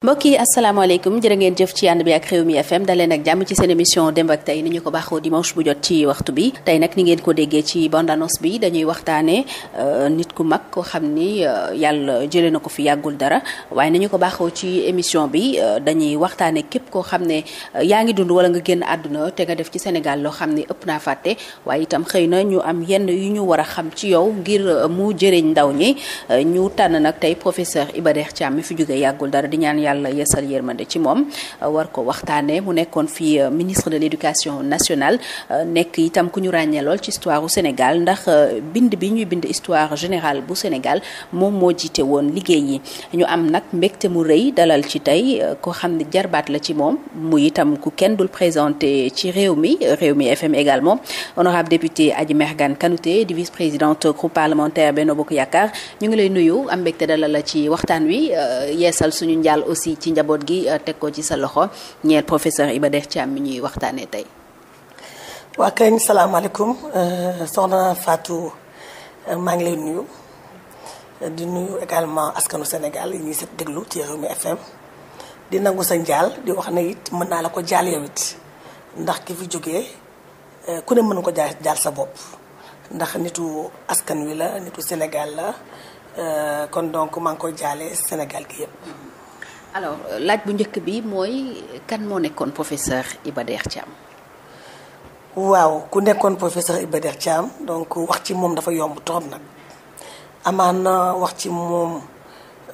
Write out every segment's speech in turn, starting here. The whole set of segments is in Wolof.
mbokk yi asalaamaaleykum jërë ngeen jëf ci ànd bi ak Rewmi FM daleen ak jàmm ci seen émission démb ak tey ni ñu ko baaxoo dimanche bu jot ci waxtu bi tey nag ni ngeen ko déggee ci bande annonce bi dañuy waxtaanee euh, nit ku mag koo xam ni euh, yàlla jëlee na ko fi yàggul dara waaye nañu ko baaxoo ci émission bi euh, dañuy waxtaanee képp koo xam ne yaa ngi dund wala nga génn àdduna te nga def ci Sénégal loo xam ne ëpp naa fàtte waaye itam xëy na ñu am yenn yu ñu war a xam ci yow ngir mu jëriñ ndaw ñi ñu tànn nag tey professeur Iba Der Thiam mi fi jógee yàggul dara di ñaan yàlla yeesal yërmande ci moom war ko waxtaanee mu nekkoon fii euh, ministre de l'éducation nationale euh, nekk itam ku ñu ràññee lool ci histoire u Sénégal ndax euh, bind bi ñuy bind histoire générale bu Sénégal moom moo jiite woon liggéey yi ñu am nag mbégte mu rëy dalal ci tey ko xam ne jarbaat la ci moom mu itam ku kenn dul présenté ci réew mi réew mi FM également honorable député Adji Mergane Kanouté di vice présidente groupe parlementaire Benno Bokk Yaakaar ñu ngi si ci njaboot gi euh, teg ko ci sa loxo ñeel professeur Iba Der Thiam mi ñuy waxtaanee tey. waa kay salaamaaleykum euh, soxna Fatou euh, maa ngi lay nuyu di nuyu également askanu Sénégal yi ñuy set déglu ci Rewmi FM di nangu sa njaal di wax na it mën naa la ko jaal yow it ndax ki fi jógee ku ne mën ko jaal jaal sa bopp ndax nitu askan wi la nitu Sénégal la kon donc maa ngi koy jaale Sénégal gi yëpp. alors euh, laaj bu njëkk bi mooy kan moo nekkoon professeur Iba Der am waaw ku nekkoon professeur Iba Der Thiam donc wax ci moom dafa yomb trop nag amaana wax ci moom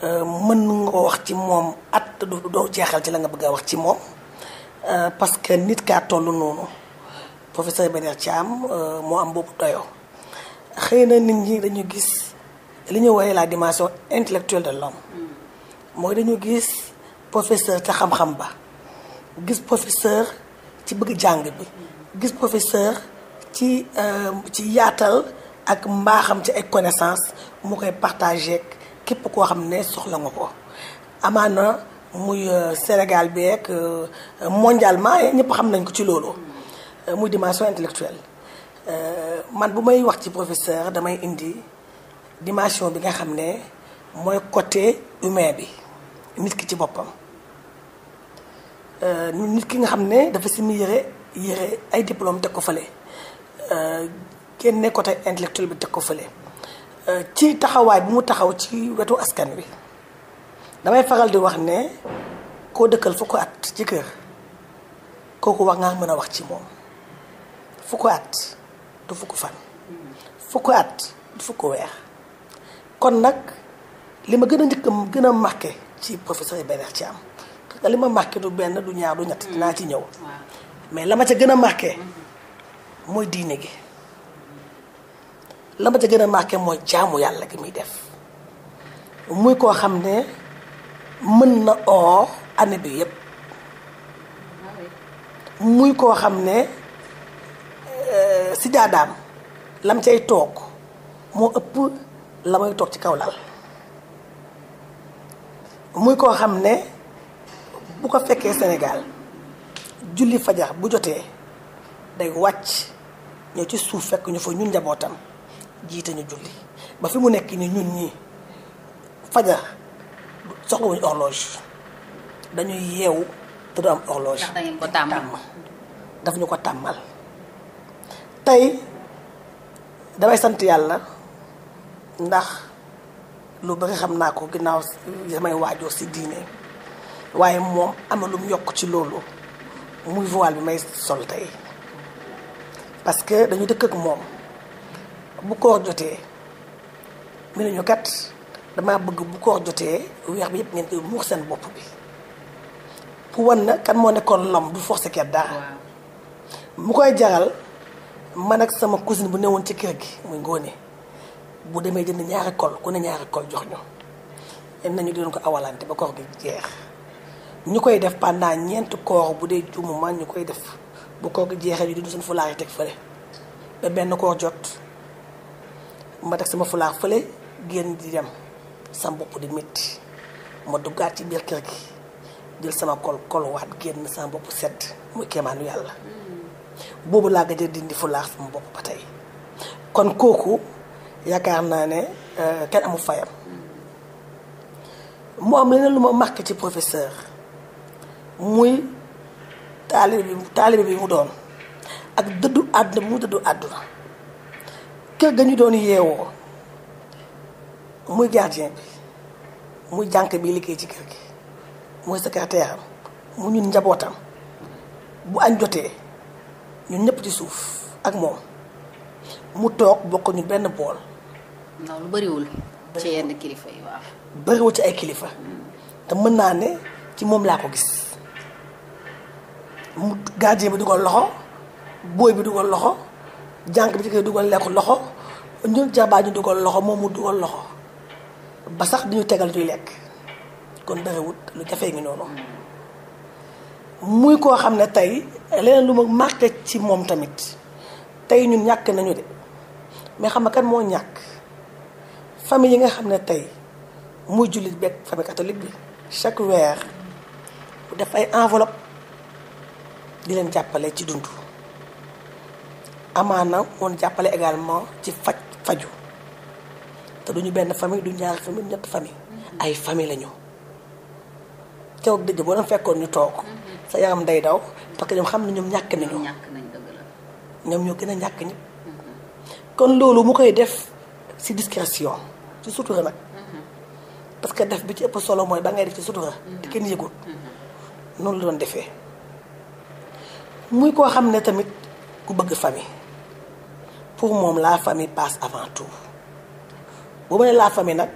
euh, mën nga wax ci moom at du doo jeexal ci la nga bëgg a wax ci moom euh, parce que nit kaa toll noonu professeur Iba Der am moo am boobu doyoo xëy na nit ñi dañu gis li ñu woowee la dimension intellectuelle de l'homme hmm. mooy dañu gis professeur ca xam-xam ba gis professeur ci bëgg jàng bi gis professeur ci euh, ci yaatal ak mbaaxam ci ay connaissance mu koy partagé képp koo xam ne soxla nga ko amaana muy euh, Sénégal bi ak euh, mondialement ñëpp xam nañ ko ci loolu muy dimension intellectuelle man bu may wax ci professeur damay indi dimension bi nga xam ne mooy côté humain bi nit ki ci boppam euh, nit ki nga xam ne dafa simi yére yére ay diplôme teg ko fële euh, génne côté intellectuel bi teg ko fële euh, ci taxawaay bi mu taxaw ci wetu askan wi damay faral di wax ne koo dëkkal fu ko at ci kër kooku wax nga mën a wax ci moom fu ko at du fu ko fan fu ko at du fu ko weer kon nag li ma gën a njëkk gën a marqué ci professeur Ibrahima Thiam mm-hmm. parce que li ma marqué du benn du ñaar du ñett mm-hmm. dinaa ci ñëw mais la ma ca gën a marqué mm-hmm. mooy diine gi la ma ca gën a marqué mooy jaamu yàlla gi muy def muy koo xam ne mën na oor année bi yépp ah muy koo xam ne euh, si jaadaam lam cay toog moo ëpp la may toog ci kaw lal muy koo xam ne bu ko fekkee Sénégal julli fajar bu jotee day wàcc ñëw ci suuf fekk ñu fa ñun njabootam jiite ñu julli ba fi mu nekk ni ñun ñi fajar soxlawuñu horloge dañuy yeewu te du am horloge. ko tàmmal daf ñu ko tàmmal. tey damay sant yàlla ndax. lu bëri xam naa ko ginnaaw samay waajoor si diine waaye moom amalum yokk ci loolu muy voile bi may sol tey parce que dañu dëkk ak moom bu koor jotee mi nañu kat dama bëgg bu koor jotee weex bi yëpp ngeen koy seen bopp bi pour moo nekkoon lom du forcé ket dara mu koy jaral man ak sama cousine bu newoon ci kër gi muy ngóone bu demee jënd ñaari kol ku ne ñaari kol jox ñu yenn nañu dinañ ko awalante ba koor gi jeex ñu koy def pendant ñeent koor bu dee juumu man ñu koy def bu koor gi jeexee ñu dindi suñu fulaar yi teg fële ba benn koor jot ma teg sama fulaar fële génn di dem sama bopp di métti ma duggaat ci biir kër gi jël sama kol kolwaat génn sama bopp sedd muy kéemaanu yàlla mm. boobu laa gëj a dindi fulaar sama bopp ba tey kon kooku yaakaar naa ne euh, kenn amul fayam mu am leneen lu ma marqué ci professeur muy taalibe bi taalibe bi mu doon ak dëddu àdduna bi mu dëddu àdduna kër ga ñu doon yeewoo muy gardien bi muy jànq bi liggéey ci kër gi muy secrétaire am mu ñun njabootam bu añ jotee ñun ñëpp ci suuf ak moom mu toog bokk ñu benn bool non lu bariwul ci yenn kilifa yi ci ay kilifa. te mën naa ne ci moom laa ko gis mu gardien bi dugal loxo booy bi dugal loxo jànq bi ci dugal lekk loxo ñu jabaa ñu dugal loxo moom mu dugal loxo ba sax duñu tegal ñuy lekk kon bëriwut lu jafe ngi noonu muy koo xam ne tey leneen lu ma marqué ci moom tamit tey ñun ñàkk nañu de mais xam nga kan moo ñàkk. famille yi nga xam ne tey muy jullit beeg famille catholique bi chaque weer bu def ay enveloppe di leen jàppale ci dund amaana woon jàppale également ci faj faju te duñu benn famille du ñaar famille du ñett famille ay famille lañu teewul dëgg boo doon fekkoon ñu toog sa yaram day daw parce que ñoom xam ne ñoom ñàkk nañu ñoom ñoo gën a ñàkk ñëpp kon loolu mu koy def ci discrétion ci sutura nag parce que def bi ci ëpp solo mooy ba ngay def ci sutura di kenn yëgul noonu la doon defee muy koo xam ne tamit ku bëgg famille pour moom la famille passe avant tout bu ma ne la famille nag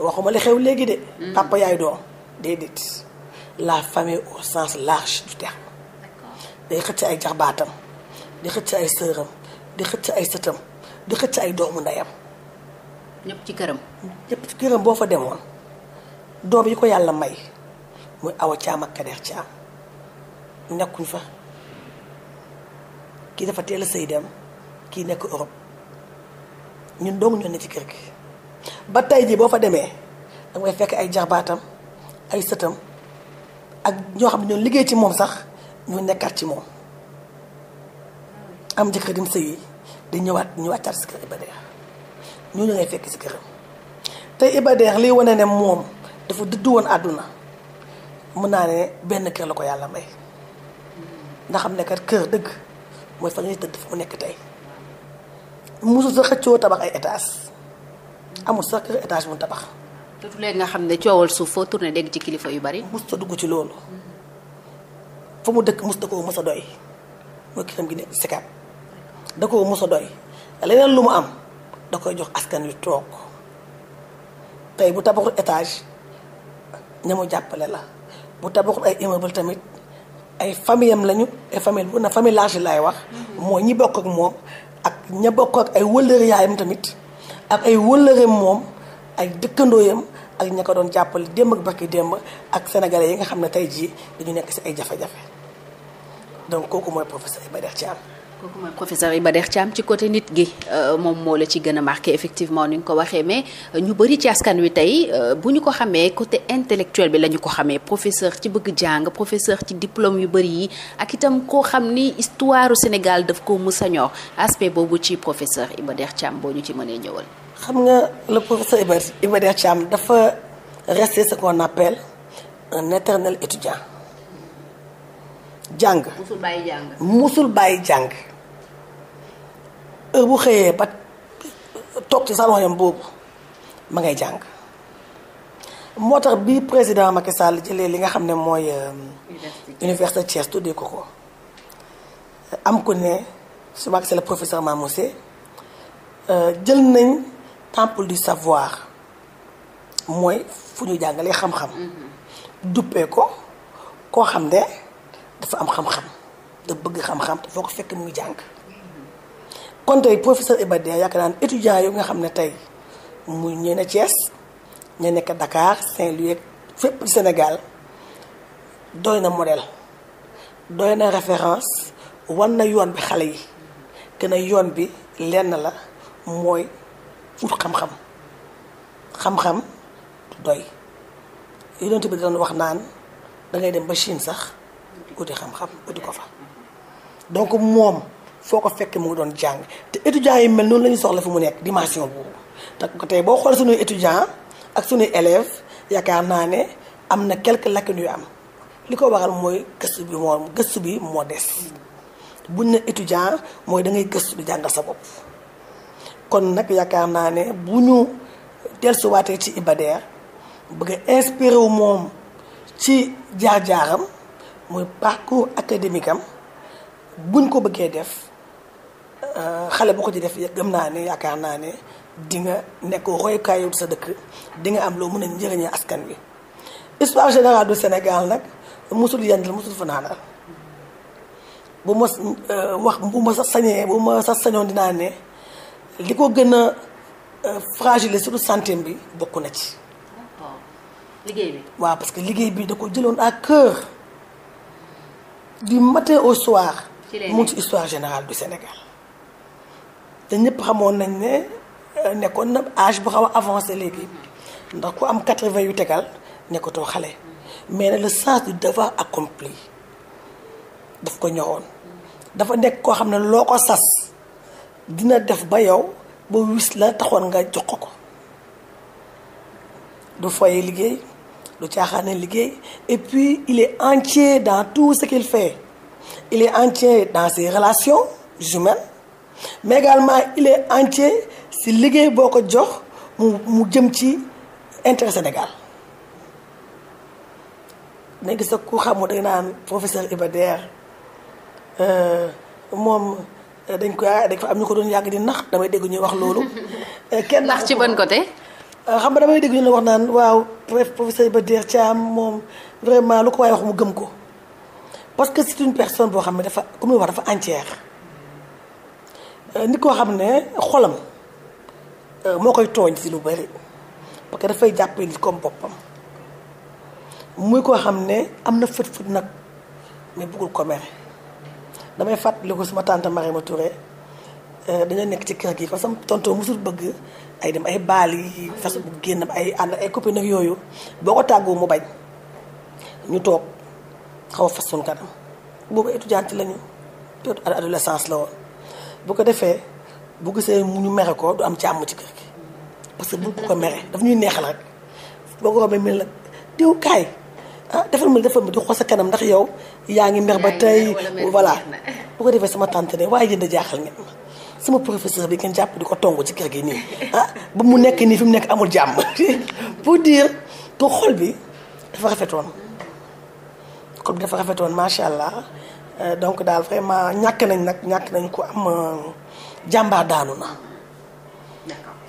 waxuma li xew léegi de papa yaay doom déedéet la famille au sens large du terme day xëcc ay jaxbaatam di xëcc ay sëram di xëcc ay sëtam di xëcc ay doomu ndeyam ñëpp ci këram. ñëpp ci këram boo fa demoon doom yi ko yàlla may muy awa caam ak kadeex caam nekkuñ fa kii dafa teel a sëy dem kii nekk Europe ñun dong ñoo ne ci kër gi. ba tey jii boo fa demee damay fekk ay jarbaatam ay sëtam ak ñoo xam ne ñoo liggéey ci moom sax ñoo nekkaat ci moom am jëkkër dim sëy yi di ñëwaat ñëwaat si kër gi ba dee ñooñu ngay fekk ci këram te Iba Der liy wane ne moom dafa dëdd woon àdduna mën naa ne benn kër la ko yàlla may ndax xam ne kat kër dëgg mooy fa ngay tëdd fa mu nekk tey musu sa xëccoo tabax ay étage amul sax kër étage bu tabax. surtout léegi nga xam ne coowal suuf foo turne dégg ci kilifa yu bari. mus ta dugg ci loolu fa mu dëkk mus da koo mos a doy mooy këram gi nekk si da koo mos a doy leneen lu mu am. da koy jox askan wi toog tey bu tabaxul étage ña mu jàppale la bu tabaxul ay immeuble tamit ay famille lañu ay famille bu na famille large laay wax. Mhm. moo ñi bokk ak moom ak ña bokk ak ay wëllëre yaayam tamit ak ay wëllëreem moom ay dëkkandooyam ak ña ko doon jàppale démb ak barki démb ak sénégalais yi nga xam ne tey jii dañu nekk ci ay jafe-jafe donc kooku mooy professeur Iba Der Thiam. kooku mooy professeur Iba Der Thiam ci côté nit gi euh, moom moo la ci gën a marqué effectivement ni nga ko waxee mais euh, ñu bëri ci askan wi tey euh, bu ñu ko xamee côté intellectuel bi la ñu ko xamee professeur ci bëgg jàng professeur ci diplome yu bëri yi ak itam koo xam ni histoire du Sénégal daf ko mës a ñor aspect boobu ci professeur Iba Der Thiam boo ñu ci mënee ñëwal. xam nga le professeur Iba Der Thiam dafa rester ce qu'on appelle un éternel étudiant. jàng musul bàyyi jàng musul bàyyi jàng heure bu xëyee ba toog ci salon boobu ma ngay jàng moo tax bi président Macky Sall jëlee li nga xam ne mooy université Thiès tuddee ko ko am ko ne su ma le professeur Mamoussé euh, jël nañ temple du savoir mooy fu ñu jàngalee xam-xam mm-hmm. duppee ko koo xam ne dafa am xam-xam da bëgg xam-xam te foo ko fekk mu ngi jàng kon tey professeur Iba Der yaakaar naa ne étudiants nga xam ne tey mu ñu ne Thiès ñu nekk Dakar Saint-Louis fépp Sénégal doy na modèle doy na référence wan na yoon bi xale yi gën a yoon bi lenn la mooy ut xam-xam xam-xam doy yonent bi daan wax naan dangay dem ba Chine sax uti xam-xam uti ko fa donc moom foo ko fekkee mu ngi doon jàng te étudiants yi mel noonu la ñu soxla fi mu nekk dimension boobu te ko tey boo xoolee suñuy étudiants ak suñuy élèves yaakaar naa ne am na quelques lacunes yu am li ko waral mooy gëstu bi moo gëstu bi moo des buñ ne étudians mooy da ngay gëstu di jàngal sa bopp kon nag yaakaar naa ne bu ñu dellusiwaatee ci Iba bëgg a wu moom ci jaar-jaaram mooy parcours académique am buñ ko bëggee def euh, xale boo ko ci def gëm naa ne yaakaar naa ne di nga nekk royukaayu sa dëkk dinga am loo mën a njëriñee askan wi histoire générale du Sénégal nag musul yendal musul fanaanal bu ma euh, wax bu ma sa sañee bu ma sa sañoon dinaa ne li ko gën a euh, fragile surtout santé bi bokk na ci. liggéey bi waaw parce liggéey bi da ko jëloon à cœur. du matin au soir. mu ci histoire générale du Sénégal te ñëpp xamoon nañ ne euh, nekkoon na âge bu xaw a avancé léegi ndax ku am quatre-vingts yu tegal nekkatoo xale mais nag le sens du devoir accompli daf ko ñëwoon dafa nekk koo xam ne loo ko sas dina def ba yow ba wis la taxoon nga jox ko du foye liggéey. lu du caaxaane liggéey et puis il est entier dans tout ce qu'il fait il est entier dans ses relations humaines mais également il est entier si liggéey boo ko jox mu mu jëm ci intérêt Sénégal nañ gis sa ku xamu dañ naan professeur Iba Der euh, moom euh, dañ koy dañ fa am ñu ko doon yàgg di nax damay dégg ñuy wax loolu. Euh, kenn nax ci ko côté. Euh, xam nga damay dégg ñu ne wax naan waaw professeur Iba Der Thiam moom vraiment lu ko waaye wax mu gëm ko parce que c'est une personne boo xam ne dafa comme ni wax dafa entière euh, ni koo xam ne xolam euh, moo koy tooñ si lu bari parce que dafay jàppe nit comme boppam muy koo xam ne am na fët fët nag mais bëggul ko mere damay fàttali ko suma tante ma Touré dañoo nekk ci kër gi parce que sama tonton mosul bëgg ay dem ay baal yi façon bu génn ay ànd ay copine ak yooyu boo ko tàggoo mu bañ ñu toog xaw a fas suñu kanam boobu étudiante lañu tot adolescence la woon bu ko defee bu gisee mu ñu mere ko du am jàmm ci kër gi parce que bu ko mere daf ñuy neexal rek boo ko xamee mel la diw kaay ah defal ma defal ma di xool sa kanam ndax yow yaa ngi mer ba tey voilà bu ko defee sama tante ne waaye jënd jaaxal ngeen ma suma professeur bi ngeen jàpp di ko tongu ci kër gi nii ah ba mu nekk nii fi mu nekk amul jàmm pour dire que xol bi dafa rafetoon xol dafa rafetoon macha allah euh, donc daal vraiment ñàkk nañ nag ñàkk nañ ko am euh, jàmbaar daanu na.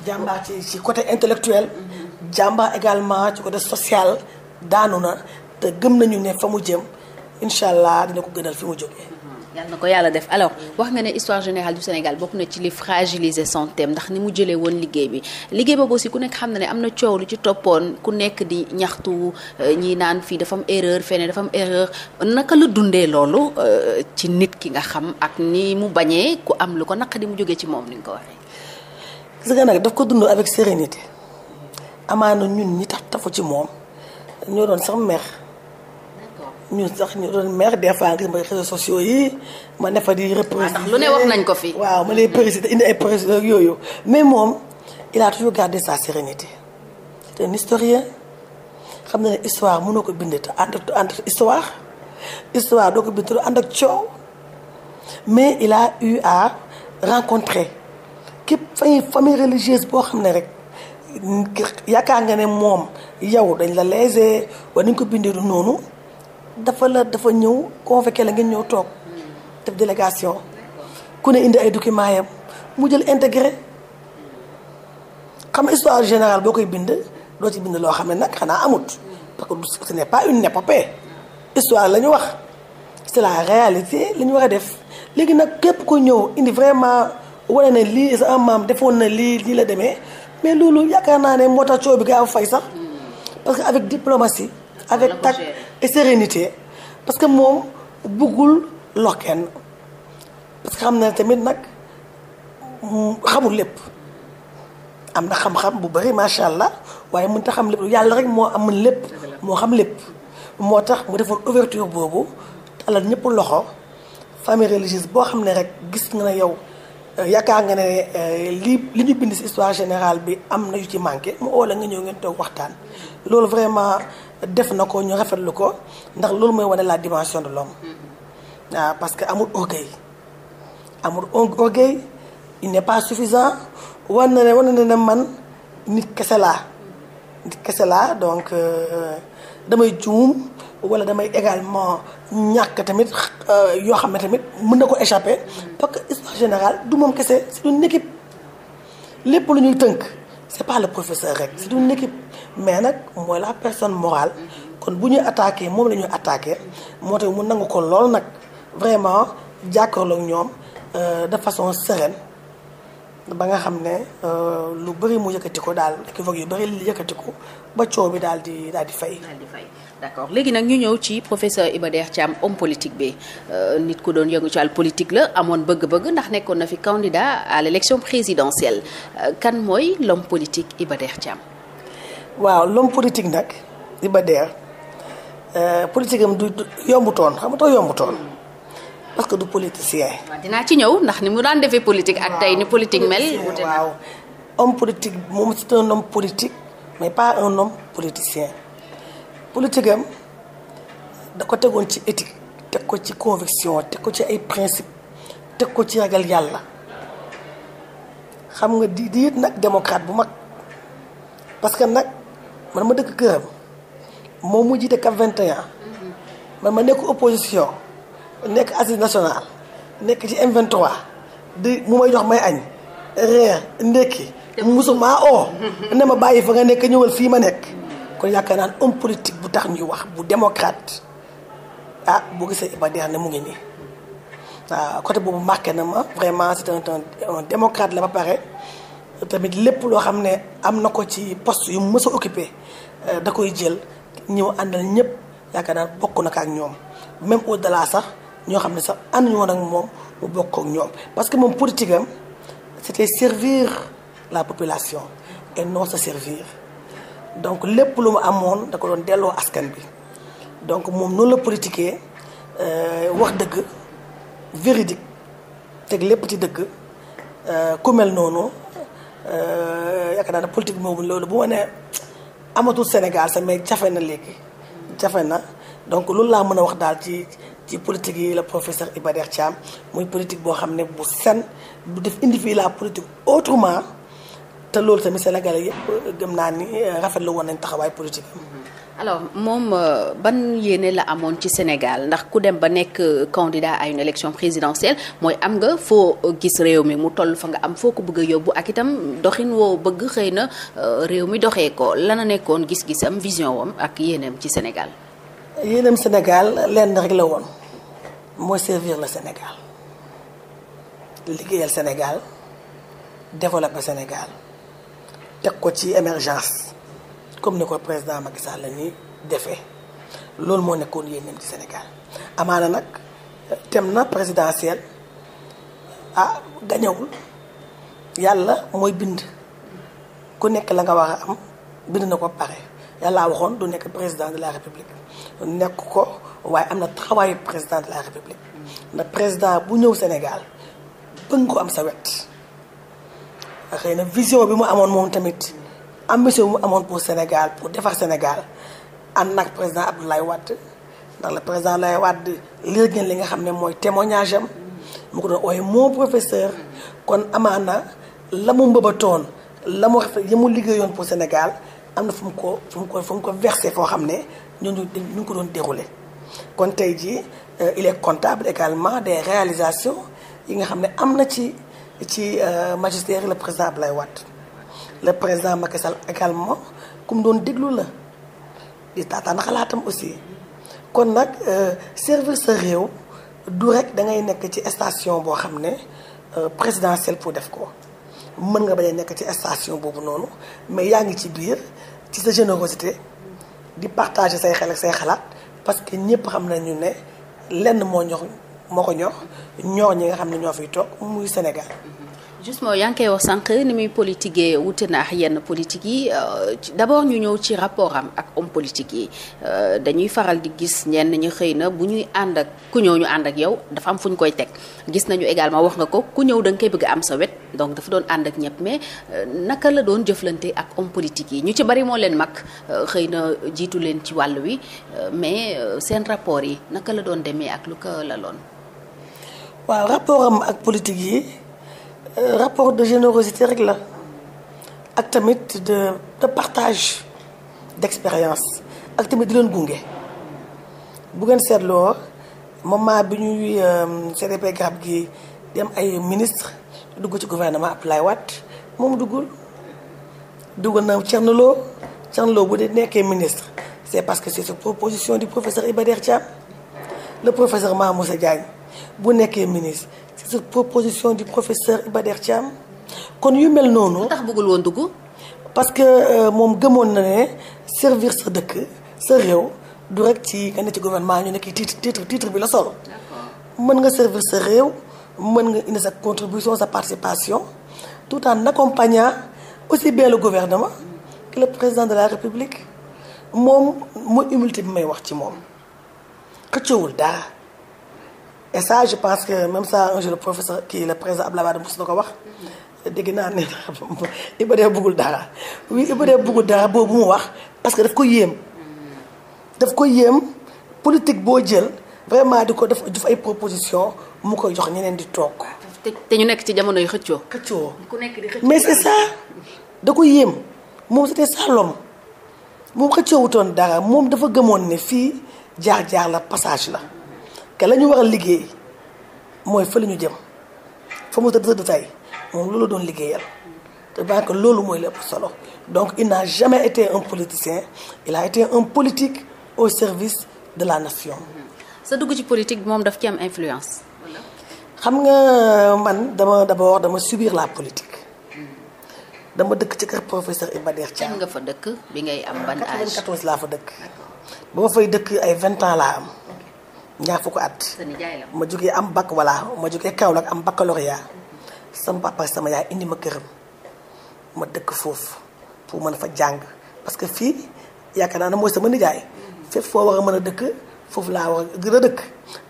jàmbaar ci ci côté intellectuel. jàmbar également ci côté social daanu na te gëm nañu ne fa mu jëm incha allah dina ko gënal fi mu jógee. yàlla na ko yàlla def alors wax nga ne histoire générale du Sénégal bokk na ci li fragiliser son thème ndax ni mu jëlee woon liggéey bi liggéey boobu si ku nekk xam na ne am na coow lu ci toppoon ku nekk di ñaxtu euh, ñi naan fii dafam am erreur feneen dafam am erreur naka la dundee loolu euh, ci nit ki nga xam ak ni mu bañee ku am lu ko naq di mu jógee ci moom ni nga ko waxee. gis nga nag daf ko dund avec sérénité amaana ñun ñi tax tafu ci moom ñoo doon sax mer. ñu sax ñu doon mer des fois nga ma réseaux sociaux yi ma ne fa di représenté lu ne wax nañ ko fi. waaw ma lay président indi ay président yooyu mais moom il a toujours gardé sa sérénité te un historien xam na ne histoire mënoo ko bind te ànd ànd histoire histoire doo ko bind te ànd ak coow mais il a eu à rencontrer képp famille famille religieuse boo xam ne rek yaakaar nga ne moom yow dañ la léser wala ñu ko bindee du noonu. dafa la dafa ñëw convoqué la ngeen ñëw toog def délégation ku ne indi ay documents yam mu jël intégré xam histoire général boo koy bind doo ci bind loo xam ne nag xanaa amut parce que ce n'est pas une épopée histoire la ñu wax c'est la réalité li ñu war a def léegi nag képp ku ñëw indi vraiment wane ne lii sa maam defoon na lii lii la demee mais loolu yaakaar naa ne moo tax coow bi gaaw fay sax parce que avec diplomatie avec tact et sérénité parce que moom buggul loxkenn parce que xam na tamit nag mm, xamul lépp am na xam-xam bu bari macha allah waaye mënut a xam lépp yàlla rek moo am lépp moo xam lépp moo tax mu defoon ouverture boobu alal ñëpp loxo famille religieuse boo xam ne rek gis nga ne yow euh, yaakaar nga ne euh, li li ñu bind ci histoire générale bi am na yu ci manqué mu oo la nga ñëw ngeen toog waxtaan loolu vraiment def na ko ñu rafetlu ko ndax loolu mooy wane la dimension de l'homme waaw parce que amul orgueil amul orgueil il n'est pas suffisant war na ne war na ne man nit kese laa nit kese laa donc euh, damay juum wala damay également ñàkk tamit euh, yoo xam ne tamit mën na ko échapper parce que histoire générale du moom kese c'est une équipe lépp lu ñuy tënk c'est pas le professeur rek c'est une équipe mais nag mooy la personne morale kon bu ñu attaqué moom la ñu attaqué moo tax mu nangu ko lool nag vraiment jàkkaarloog ñoom euh, de façon sereine ba nga xam ne euh, lu bëri mu yëkkati ko daal équivoque yu bëri yëkkati ko ba coow bi daal di daal di fay. daal di fay d'accord léegi nag ñu ñëw ci professeur Iba Der Thiam homme politique bi euh, nit ku doon yëngu ci wàllu politique la amoon bëgg-bëgg ndax nekkoon na fi candidat à l'élection présidentielle kan mooy l'homme politique Iba Der Thiam. waaw l'homme politique nag di ba deer politique am du yombutoon xam nga tax yombutoon parce que du politicien. waaw dinaa ci ñëw ndax ni mu daan defee politique. ak tay ni politique mel. waaw homme politique moom c'est un homme politique mais pas un homme politicien politique da ko tegoon ci éthique teg ko ci conviction teg ko ci ay principe teg ko ci ragal yàlla xam nga di di bu mag nag. man ma dëkk këram moom mu jiite CAP 21 man ma nekk opposition nekk assise national nekk ci M23 di mu may jox may añ reer ndekki musuma oo ne ma bàyyi fa nga nekk ñëwal fii ma nekk kon yaakaar naan homme politique bu tax ñuy wax bu démocrate ah boo gisee Iba Der ne mu ngi nii waaw ah, côté boobu marqué na ma vraiment c'est un un démocrate la ba pare tamit lépp loo xam ne am na ko ci poste yu mës a occupé euh, da koy jël ñëw àndal ñëpp yaakaar naa bokk na ko ak ñoom même au delà sax ñoo xam ne sax ànd ñu woon moom mu bokk ak ñoom parce que moom politique am c'était servir la population et non sa servir donc lépp lu ma amoon da ko doon delloo askan bi donc moom noonu la politiquee euh, wax dëgg véridique teg lépp ci dëgg euh, ku mel noonu Euh, yaakaar naa ne politique moomu loolu bu ma nee amatul Sénégal sax mais jafe na léegi. jafe na donc loolu laa mën a wax daal ci ci politique yi la professeur Iba Der Thiam muy politique boo xam ne bu sen bu def indi fii la politique autrement te loolu tamit Sénégalais yëpp gëm naa ni rafetlu woon nañ taxawaay politique. alors moom euh, ban yéene la amoon ci Sénégal ndax ku dem ba nekk euh, candidat à une élection présidentielle mooy am nga foo euh, gis réew mi mu toll fa nga am foo ko bëgg a yóbbu ak itam doxin woo bëgg xëy na réew mi doxee ko lana nekkoon gis-gisam vision wam ak yéeneem ci Sénégal. yéeneem Sénégal lenn rek la woon mooy servir le Sénégal liggéeyal Sénégal dévelop Sénégal teg ko ci émergence. comme ni ko président Macky Sall la defee loolu moo nekkoon yéeneem ci Sénégal amaana nag tem na présidentiel ah gañewul yàlla mooy bind ku nekk la nga wax a am bind na ko pare yàllaa waxoon du nekk président de la république nekk ko waaye am na taxawaayu président de la république ndax président bu ñëw Sénégal bëgg ko am sa wet xëy na vision bi mu amoon moom tamit ambition mu amoon pour Sénégal pour defar Sénégal ànd nag président Abdoulaye Wade ndax le président Abdoulaye Wade lire ngeen li nga xam ne mooy témoignage am mu ko doon ooye mon professeur kon amaana la mu mbëbatoon la mu rafet yi mu liggéeyoon pour Sénégal am na fu mu ko fu mu ko fu mu ko versé foo xam ne ñooñu ñu ngi ko doon déroulé kon tey jii euh, il est comptable également des réalisations yi nga xam ne am na ci ci euh, magistère la président Abdoulaye Wade le président Macky Sall également comme mu doon déglu la di taataan xalaatam aussi kon nag euh, service sa réew du rek da ngay nekk ci station boo xam ne euh, présidentielle pour def ko mën nga ba a nekk ci station boobu noonu mais yaa ngi ci biir ci sa générosité di partager say xel ak say xalaat parce que ñëpp xam nañu ne lenn moo ñor moo ko ñor ñor ñi nga xam ne ñoo fi toog muy Sénégal. justement yaa ngi koy wax sànq ni muy politiquer wute na ak yenn politique yi euh, d'abord ñu ñëw ci rapport am ak homme politique yi euh, dañuy faral di gis ñenn ñi xëy na bu ñuy ànd ak ku ñëw ñu ànd ak yow dafa am fu ñu koy teg gis nañu également wax nga ko ku ñëw danga koy bëgg am sa wet donc dafa doon ànd ak ñëpp mais euh, naka la doon jëflante ak homme politique yi ñu ci bari moo leen mag xëy na jiitu leen ci wàll wi mais seen rapport yi naka la doon demee ak lu la loon rapport de générosité rek la ak tamit de de partage d'expérience ak tamit di leen gunge bu ngeen seetloo moment bi ñuy euh, CDP GAB gi dem ay ministre dugg ci gouvernement Abdoulaye Wade moom duggul dugg na Thierno Lo bu dee nekkee ministre c'est parce que c'est sur proposition du professeur Iba Der Thiam le professeur Mamoussa Diagne bu nekkee ministre sur proposition du professeur Iba Der Thiam kon yu mel noonu. ndax tax bëggul woon dugg. parce que euh, moom gëmoon na ne servir sa dëkk sa réew du rek ci nga ne ci gouvernement ñu ne kii titre titre titre bi la sol mën nga servir sa réew mën nga indi sa contribution sa participation tout en accompagnant aussi bien le gouvernement que le président de la république moom mooy humilité bi may wax ci moom xëccoowul dara. et ça je pense que même sa un jour le professeur kii le président Abdoulaye Wade mos na ko wax dégg naa ne Iba Der bëggul dara oui Iba Der bëggul dara boobu mu wax parce que daf ko yéem daf ko yéem politique boo jël vraiment di ko def def ay proposition mu koy jox ñeneen di toog te ñu nekk ci jamono yi xëccoo xëccoo ku nekk di xëccoo mais c'est ça da ko yéem moom c'était ça l'homme moom xëccoowutoon dara moom dafa gëmoon ne fii jaar-jaar la passage la ka la ñu war a liggéey mooy fa la ñu jëm foo mu tëdd tay moom loolu doon liggéeyal te baax loolu mooy lépp solo donc il n'a jamais été un politicien il a été un politique au service de la nation. sa dugg ci politique moom daf ci am influence. xam nga man dama d'abord dama subir la politique dama dëkk ci kër professeur Iba Der am nga fa dëkk bi ngay am ban âge 94 laa fa dëkk. ba ma fay dëkk ay 20 ans laa am. ñaar ko at. ma jógee am bac voilà ma jugee Kaolack am baccalauréat sama papa sama yaay indi ma këram ma dëkk foofu pour mën a fa jàng parce que fii yaakaar naa ne mooy sama nijaay. fépp foo war a mën a dëkk foofu laa war a dëkk.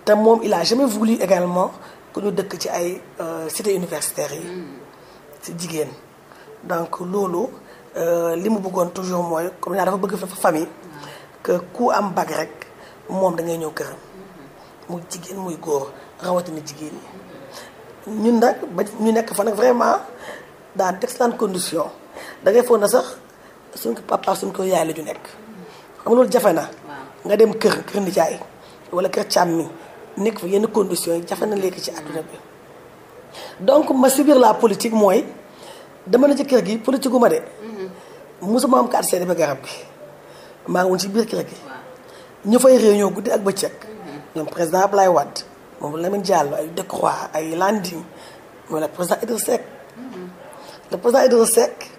te moom il a jamais voulu également ku ñu dëkk ci ay euh, cité universitaire yi. Mm. ci jigéen donc loolu euh, li mu bëggoon toujours mooy comme naa dafa bëgg fa famille. Mm. que ku am bac rek moom da ñëw këram. muy jigéen muy góor rawatina jigéen ñi ñun nag ba ñu nekk fa nag vraiment dans d'excellentes conditions da ngay foog na sax suñ ko papa suñ ko yaay la nekk xam nga loolu jafe na. nga dem kër kër nijaay wala kër càmmi nekk fa yenn conditions yi jafe na léegi ci àdduna bi donc ma subir la politique mooy demal na ci kër gi politique gu ma de. Mm-hmm. mosuma am carte CDP garab gi maa ngi woon ci biir kër gi. ñu fay réunion guddi ak bëccëg. ñoom président Ablaye Wade moom Lamine Diallo ay Decroix ay Landing moom la président Idriss Seck le président Idriss Seck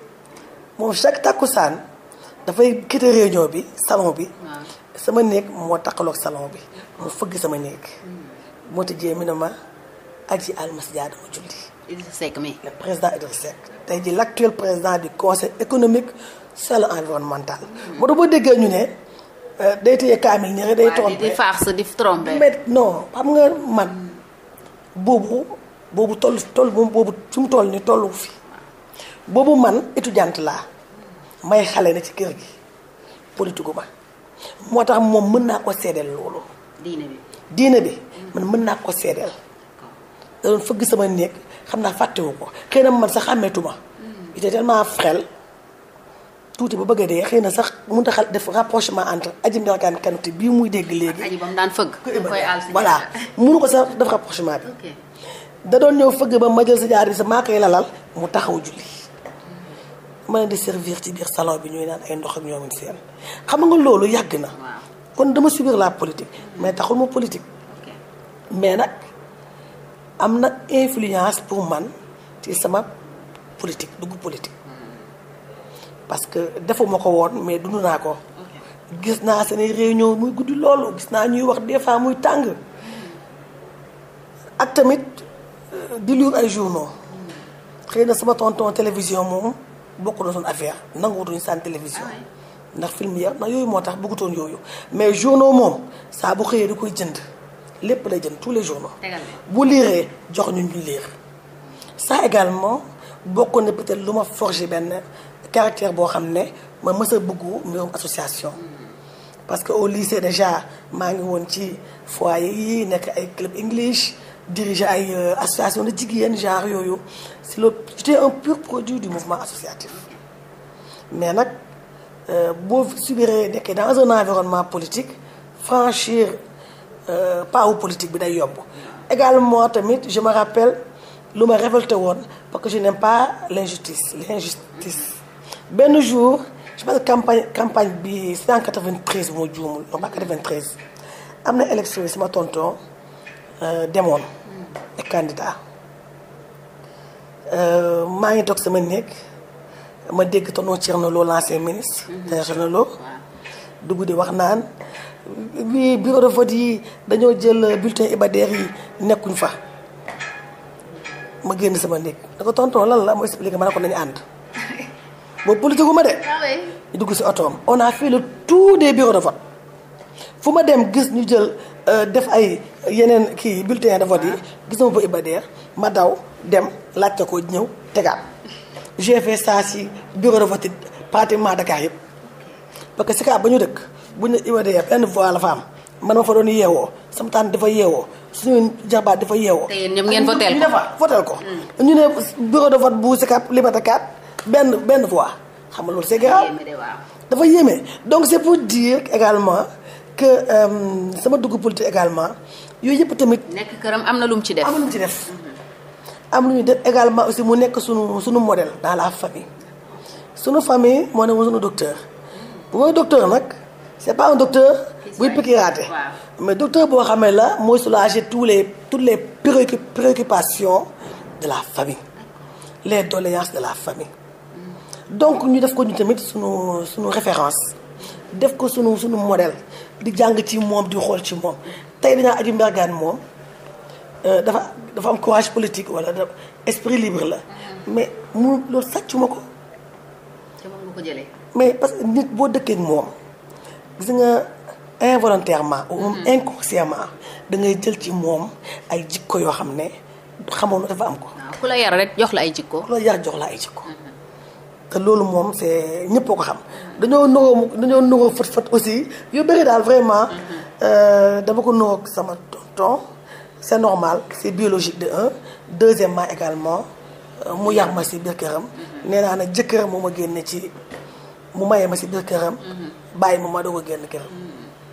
moom chaque takkusaan dafay quitte réunion bi salon bi sama néeg moo taqaloog salon bi mu fëgg sama néeg hmm. moo tëjee mi ne ma aji almasidia dama julli Idriss Seck président Idriss Seck tey ji l' actuel président du conseil économique social et environnemental hmm. moo tax boo déggee ñu ne Euh, day téye kaamil nii rek day. trompé di farce di trompé. mais non xam nga man boobu boobu toll toll moom boobu fi mu toll nii tollu fi boobu man étudiante laa may xale na ci kër gi politique ma moo tax moom mën naa ko seedeel loolu. diine bi bi man mën naa ko seedeel. da doon fëgg sama néeg xam naa fàttewu ko xëy na man sax xàmmeetuma. Hmm. il était tellement frêle. tuuti ba bëgg dee xëy na sax mënut a def rapprochement entre aji mbergaan kanute bii muy dégg léegi. aji ba mu daan voilà mënu ko sax def rapprochement bi. da doon ñëw fëgg ba ma jël sa jaar bi sa maa koy lalal mu taxaw julli. mën di servir ci biir salon bi ñuy naan ay ndox ak ñoom seen xam nga loolu yàgg na. kon dama subir la politique mais taxul ma politique. mais nag am na influence pour man ci sama politique dugg politique. parce que defuma ko woon mais dund naa ko. gis naa seen réunion muy guddi loolu gis naa ñuy wax des fois muy tàng ak tamit euh, di lire ay journaux xëy na sama tonton télévision moom bokk na suñu affaire nanguwutuñu seen télévision ah ndax film ya ndax yooyu moo tax bëggutoon yooyu mais journaux moom saa bu xëyee di koy jënd lépp lay jënd tous les journaux bu liiree jox ñu ñu liir ça également bokk na peut-être lu ma forger benn caractère boo xam ne ma mës a bëggu mbirum association. parce que au lycée déjà maa ngi woon ci foyer yi nekk ay club english diriger ay euh, association de jigéen genre yooyu c'est le j'étais un pur produit du mouvement associatif mais nag euh, boo subiree nekkee dans un environnement politique franchir euh, pas wu politique bi day yomb. également tamit je me rappelle lu ma révolté woon parce que je n'aime pas l'injustice l'injustice benn jour je pense campagne campagne bi c'est en 93 bu ma juumul non pas am na élection sama tonton euh, demoon ak candidat euh, maa ngi toog sama néeg ma dégg tonton Thierno Lo l'ancien ministre. Mhm. Thierno Lo dugg di wax naan oui bureau de vote yi dañoo jël bulletin hebdomadaire yi nekkuñ fa ma génn sama néeg da ko tonton lan la ma expliqué ma ne ko nañu ànd. boo politique gu ma de. Ah dugg si otoom on a fait le tour de bureaux de vote fu ma dem gis ñu jël euh, def ay yeneen kii bulletin de vote yi gis ma ba Ibadeer ma daw dem laajte ko ñëw tegaat j'ai fait si bureau de vote yi pratiquement Dakar yëpp parce que si ba ñu dëkk bu ñu Ibadeer benn voix la fa am man ma fa doon yeewoo sama tànn dafa yeewoo suñu jabaat dafa yeewoo. te yéen ngeen voté ko ñu ne voté ko. Mm. ñu ne bureau de vote bu Sicap Liberté 4. benn benn fois xam nga loolu c'est grave dafa yéeme donc c'est pour dire également que euh, sama dugg politique également yooyu yëpp tamit. nekk am na lu mu ci def am na lu ci def. Mhm. am lu ñu def également aussi mu nekk sunu sunu modèle dans la famille sunu famille moo ne ma sunu docteur bu mooy docteur nag c'est pas un docteur buy piqûraate mais docteur boo xamee la mooy soulager tous les tous les préoccupations de la famille les doléances de la famille donc ñu def ko ñu tamit suñu sunu référence def ko sunu sunu modèle di jàng ci moom di xool ci moom tey dinaa Adji Mbergane moom euh, dafa dafa am courage politique wala esprit libre la mais mu loolu sàccuma ko. mais parce que nit boo dëkkee moom gis nga involontairement mm-hmm. da ngay jël ci moom ay jikko yoo xam ne xamoon dafa am ko. ku la yar rek jox la ay jikko. ku la yar jox la ay jikko. Mm-hmm. te loolu moom c'est ñëpp ko xam dañoo nuroo dañoo nuroo fët fët aussi yu bëri daal vraiment euh, dama ko nuroog sama tonton c'est normal c'est biologie de un deuxièmement également euh, mu yar ma si biir këram nee naa nag jëkkër mu ma génne ci mu mayee ma si biir këram mm-hmm. bàyyi mu ma doog a génn këram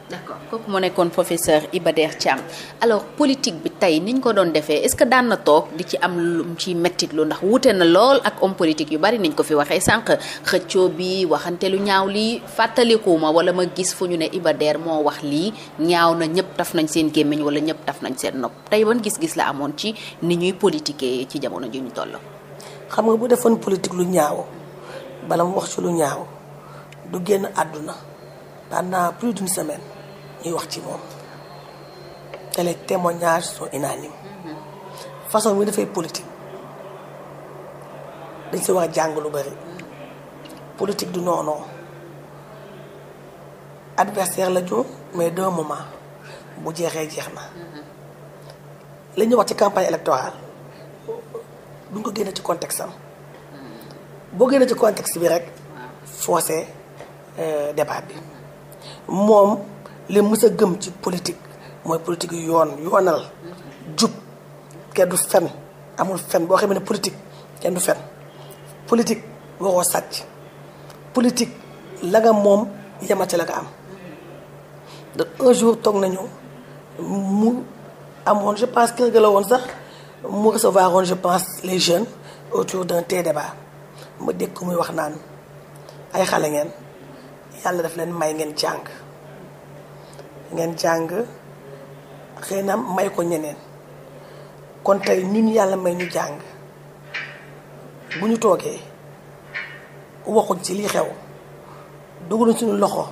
d'accord kooku moo nekkoon professeur Iba Der Thiam alors politique bi tey niñ ko doon defee est-ce que daan na toog di ci am lu ci mettit ndax wuute na lool ak homme politique yu bari niñ ko fi waxee sànq xëccoo bi waxante lu ñaaw lii fàttalikuuma wala ma gis fu ñu ne Iba Der moo wax lii ñaaw na ñëpp daf nañ seen gémmiñ wala ñëpp taf nañ seen nopp tey ban gis-gis la amoon ci ni ñuy politiquer ci jamono ji ñu toll. xam nga bu defoon politique lu ñaaw bala mu wax ci lu ñaaw du génn àdduna pendant plus d'une semaine. ñuy wax ci moom te les témoignages sont unanimes mm-hmm. façon bi dafay politique dañ si war jàng lu bari politique du noonoo adversaire la ñu mais d'un moment bu jeexee jeex na mm-hmm. li ñuy wax ci campagne électorale duñ ko génne ci contexte mm-hmm. boo génne ci contex bi rek forcé euh, débat bi moom li mës a gëm ci politique mooy politique yu yoon yoonal jub kenn du fen amul fen boo xam ne politique kenn du fen politique waxoo sàcc politique la nga moom yemate la nga am de un jour toog nañu mu amoon je pense kër ga la woon sax mu recevoir je pense les jeunes autour d'un thé débat ma dégg ko muy wax naan ay xale ngeen yàlla daf leen may ngeen jàng ngeen jàng xëy na may ko ñeneen kon tey ñun yàlla may ñu jàng bu ñu toogee waxuñ ci lii xew dugaluñ suñu loxo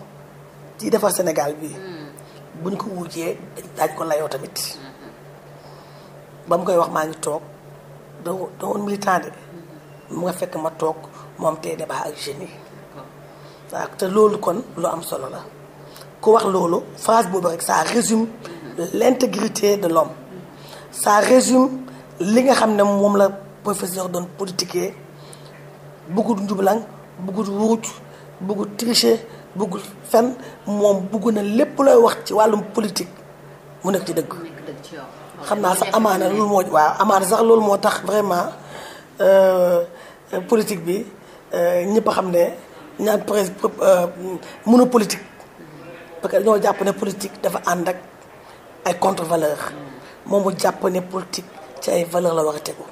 ci defar Sénégal bi mm. bu ñu ko wujjee daañ ko layoo tamit ba mu koy wax maa ngi toog da doon militant de mm-hmm. mu nga fekk ma toog moom tey débat ak jeunes yi te loolu kon lu am solo la ko wax loolu phrase boobu rek ça résume l'intégrité de l'homme ça résume li nga xam ne moom la professeur doon politiquer bëggul njublang bëggul wuruj bëggul tricher bëggul fen moom bugg na lépp looy wax ci wàllum politique mu nekk ci dëgg xam naa sax amaana loolu moo waaw amaana sax loolu moo tax vraiment euh, politique bi euh, ñëpp xam ne ñaan presse euh, mënu politique parce que ñoo jàpp ne politique dafa ànd ak ay contre valeur moom mu jàpp ne politique ci ay valeur la war a tegu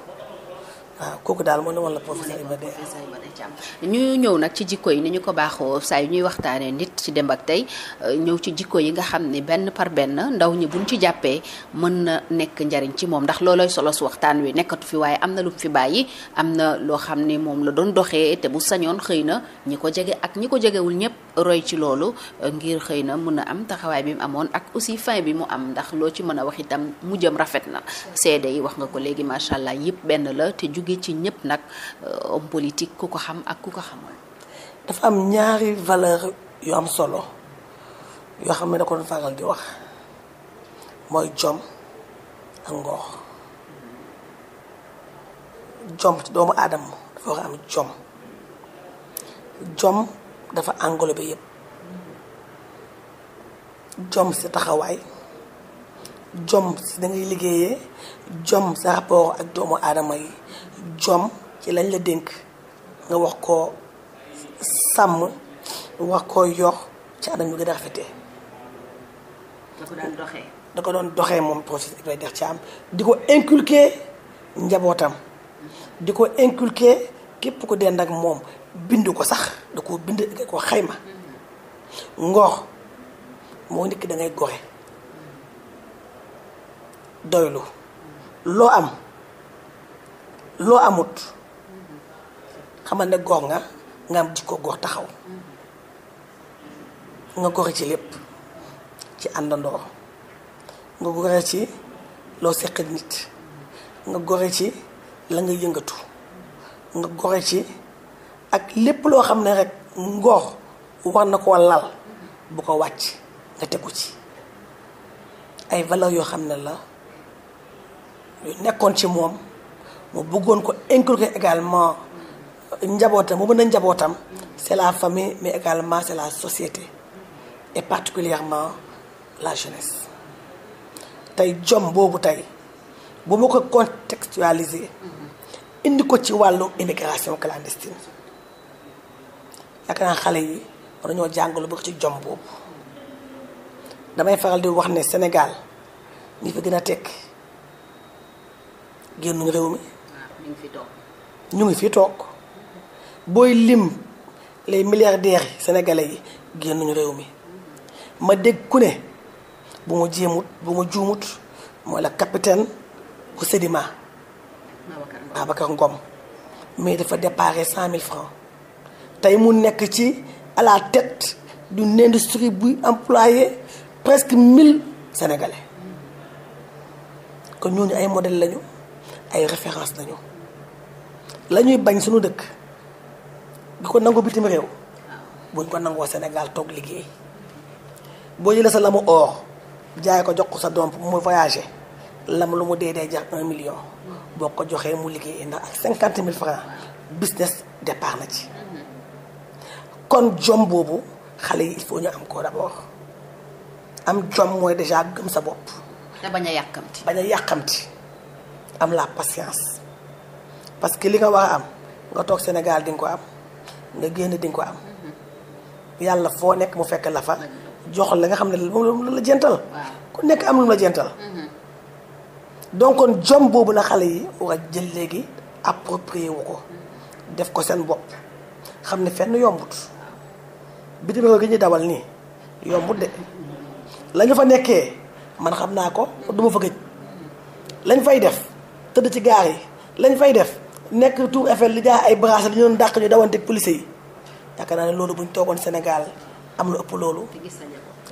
waaw kooku daal moo ne woon la professeur Iba Der jàmm ñu ñëw nag ci jikko yi ni ñu ko baaxoo saa yu ñuy waxtaanee nit ci dem ak tey euh, ñëw ci jikko yi nga xam ni benn par benn ndaw ñi buñ ci jàppee mën na nekk njariñ ci moom ndax loolooy solo su waxtaan wi nekkatu fi waaye am na lu mu fi bàyyi am na loo xam ne moom la doon doxee te bu sañoon xëy na ñi ko jege ak ñi ko jegewul ñëpp roy ci loolu euh, ngir xëy na mën a am taxawaay bi mu amoon ak aussi fin bi mu am ndax loo ci mën a wax itam mu jëm rafet na seede yi wax nga ko léegi macha allah yëpp benn la te jóge ci ñëpp nag euh, homme politique ku ko xam ak ku ko xamul. dafa am ñaari valeur yu am solo yoo xam ne da faral di wax mooy jom ak ngor jom doomu aadama dafa war a am jom jom dafa englobe yépp jom si taxawaay jom si da ngay liggéeyee jom sa rapport ak doomu aadama yi jom ci lañ la dénk nga wax koo sàmm wax koo yor ca anam mu gën a rafetee. da ko doon doxee moom professeur Ibrahima Dex Thiam di ko inculquer njabootam di ko inculquer képp ku dend ak moom bind ko sax da koo bind da koo xayma ngor moo nekk da ngay gore doylu loo am loo amut. xamal ne góor nga nga am jikko góor taxaw nga gore ci lépp ci àndandoo nga gore ci loo seq nit nga gore ci la nga yëngatu nga gore ci ak lépp loo xam ne rek ngor war na koo lal bu ko wàcc nga tegu ci ay valeurs yoo xam ne la yu nekkoon ci moom mu bëggoon ko inculquer également njabootam bu mën a njabootam c'est la famille mais également c'est la société et particulièrement la jeunesse tey jom boobu tey bu ma ko contextualiser indi ko ci wàllu immigration clandestine yaakaar naa xale yi war ñoo jàngalu ba ci jom boobu damay faral di wax ne Sénégal ñi fi gën a tekk génnuñu réew mi ah, ñu ngi fi toog booy lim les milliardaires yi sénégalais yi génnuñu réew mi ma dégg ku ne bu ma jéemut bu ma juumut mooy la capitaine bu Sedima. Abacar Ngom mais dafa déparé cent mille francs tey mu nekk ci à du tête d'une industrie buy employé presque mille sénégalais kon ñooñu ay modèle lañu ay référence nañu la ñuy bañ suñu dëkk. di ko nangu bitim réew buñ ko nangoo Sénégal toog liggéey boo jëlee sa lamu or jaay ko jox ko sa domp mu voyagé lam lu mu dee dee jar un million boo ko joxee mu liggéey ndax ak cinquante mille francs business départ na ci kon jom boobu xale yi il faut ñu am ko d'abord am jom mooy déjà sa bopp. te bañ a yàkkamti. am la patience parce que li nga war a am nga toog Sénégal di ko am. nga génn di nga ko am yàlla foo nekk mu fekk la fa jox la nga xam ne moom la jental ku nekk am lu la jental mm-hmm. donc kon jom boobu la xale yi war jël léegi approprié wu ko def ko seen bopp xam ne fenn yombut bitim réew gi ñuy dawal nii yombut de lañu fa nekkee man xam naa ko duma fa gëj lañ fay def tëdd ci gaar yi lañ fay def nekk tout effet li jaay ay brassé li ñu doon dàq ñu dawanteeg police yi yaakaar naa ne loolu bu ñu toogoon Sénégal am lu ëpp loolu.